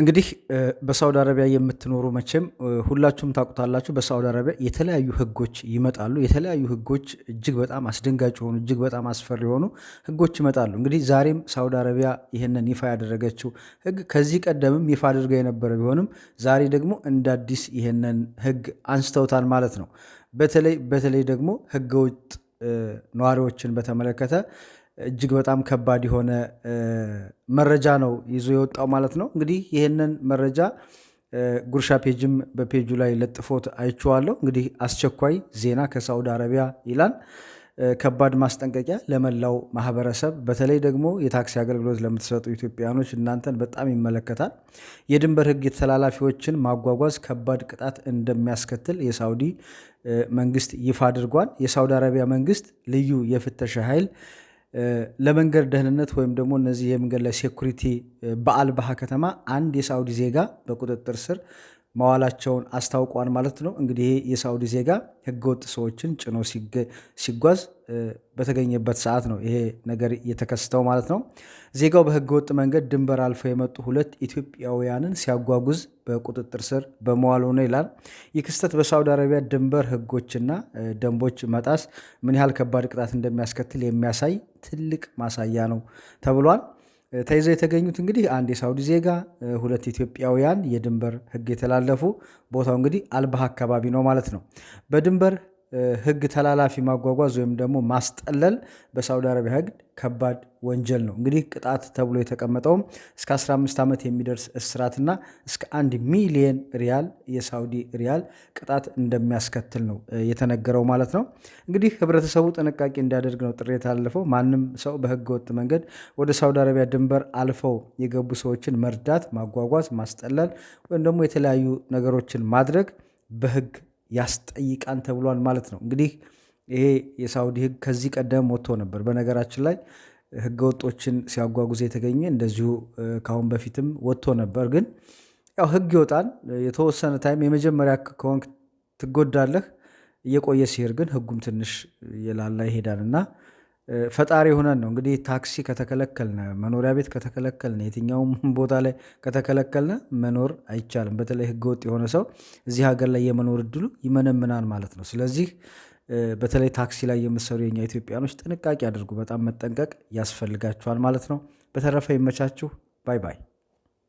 እንግዲህ በሳውዲ አረቢያ የምትኖሩ መቼም ሁላችሁም ታውቁታላችሁ። በሳውዲ አረቢያ የተለያዩ ህጎች ይመጣሉ። የተለያዩ ህጎች እጅግ በጣም አስደንጋጭ የሆኑ እጅግ በጣም አስፈሪ የሆኑ ህጎች ይመጣሉ። እንግዲህ ዛሬም ሳውዲ አረቢያ ይህንን ይፋ ያደረገችው ህግ ከዚህ ቀደምም ይፋ አድርገው የነበረ ቢሆንም ዛሬ ደግሞ እንደ አዲስ ይህንን ህግ አንስተውታል ማለት ነው። በተለይ በተለይ ደግሞ ህገወጥ ነዋሪዎችን በተመለከተ እጅግ በጣም ከባድ የሆነ መረጃ ነው ይዞ የወጣው ማለት ነው። እንግዲህ ይህንን መረጃ ጉርሻ ፔጅም በፔጁ ላይ ለጥፎት አይቼዋለሁ። እንግዲህ አስቸኳይ ዜና ከሳውዲ አረቢያ ይላል። ከባድ ማስጠንቀቂያ ለመላው ማህበረሰብ፣ በተለይ ደግሞ የታክሲ አገልግሎት ለምትሰጡ ኢትዮጵያውያኖች እናንተን በጣም ይመለከታል። የድንበር ሕግ ተላላፊዎችን ማጓጓዝ ከባድ ቅጣት እንደሚያስከትል የሳውዲ መንግስት ይፋ አድርጓል። የሳውዲ አረቢያ መንግስት ልዩ የፍተሻ ኃይል ለመንገድ ደህንነት ወይም ደግሞ እነዚህ የመንገድ ላይ ሴኩሪቲ በአልባሃ ከተማ አንድ የሳውዲ ዜጋ በቁጥጥር ስር ማዋላቸውን አስታውቋል ማለት ነው። እንግዲህ የሳውዲ ዜጋ ህገወጥ ሰዎችን ጭኖ ሲጓዝ በተገኘበት ሰዓት ነው ይሄ ነገር የተከስተው ማለት ነው። ዜጋው በህገወጥ መንገድ ድንበር አልፈው የመጡ ሁለት ኢትዮጵያውያንን ሲያጓጉዝ በቁጥጥር ስር በመዋሉ ነው ይላል። ይህ ክስተት አረቢያ ድንበር ህጎችና ደንቦች መጣስ ምን ያህል ከባድ ቅጣት እንደሚያስከትል የሚያሳይ ትልቅ ማሳያ ነው ተብሏል። ተይዘው የተገኙት እንግዲህ አንድ የሳውዲ ዜጋ፣ ሁለት ኢትዮጵያውያን የድንበር ህግ የተላለፉ ቦታው እንግዲህ አልባህ አካባቢ ነው ማለት ነው። በድንበር ህግ ተላላፊ ማጓጓዝ ወይም ደግሞ ማስጠለል በሳውዲ አረቢያ ህግ ከባድ ወንጀል ነው። እንግዲህ ቅጣት ተብሎ የተቀመጠውም እስከ 15 ዓመት የሚደርስ እስራትና እስከ አንድ ሚሊየን ሪያል የሳውዲ ሪያል ቅጣት እንደሚያስከትል ነው የተነገረው ማለት ነው። እንግዲህ ህብረተሰቡ ጥንቃቄ እንዲያደርግ ነው ጥሪ የተላለፈው። ማንም ሰው በህገ ወጥ መንገድ ወደ ሳውዲ አረቢያ ድንበር አልፈው የገቡ ሰዎችን መርዳት፣ ማጓጓዝ፣ ማስጠለል ወይም ደግሞ የተለያዩ ነገሮችን ማድረግ በህግ ያስጠይቃን ተብሏል ማለት ነው። እንግዲህ ይሄ የሳውዲ ህግ ከዚህ ቀደም ወጥቶ ነበር። በነገራችን ላይ ወጦችን ሲያጓጉዝ የተገኘ እንደዚሁ ከአሁን በፊትም ወጥቶ ነበር። ግን ያው ህግ ይወጣል የተወሰነ ታይም የመጀመሪያ ከሆንክ ትጎዳለህ። እየቆየ ሲሄድ ግን ህጉም ትንሽ የላላ ይሄዳል እና ፈጣሪ ሆነን ነው እንግዲህ ታክሲ ከተከለከልነ፣ መኖሪያ ቤት ከተከለከልነ፣ የትኛውም ቦታ ላይ ከተከለከልነ መኖር አይቻልም። በተለይ ህገወጥ የሆነ ሰው እዚህ ሀገር ላይ የመኖር እድሉ ይመነምናል ማለት ነው። ስለዚህ በተለይ ታክሲ ላይ የምትሰሩ የኛ ኢትዮጵያኖች ጥንቃቄ አድርጉ። በጣም መጠንቀቅ ያስፈልጋችኋል ማለት ነው። በተረፈ ይመቻችሁ። ባይ ባይ።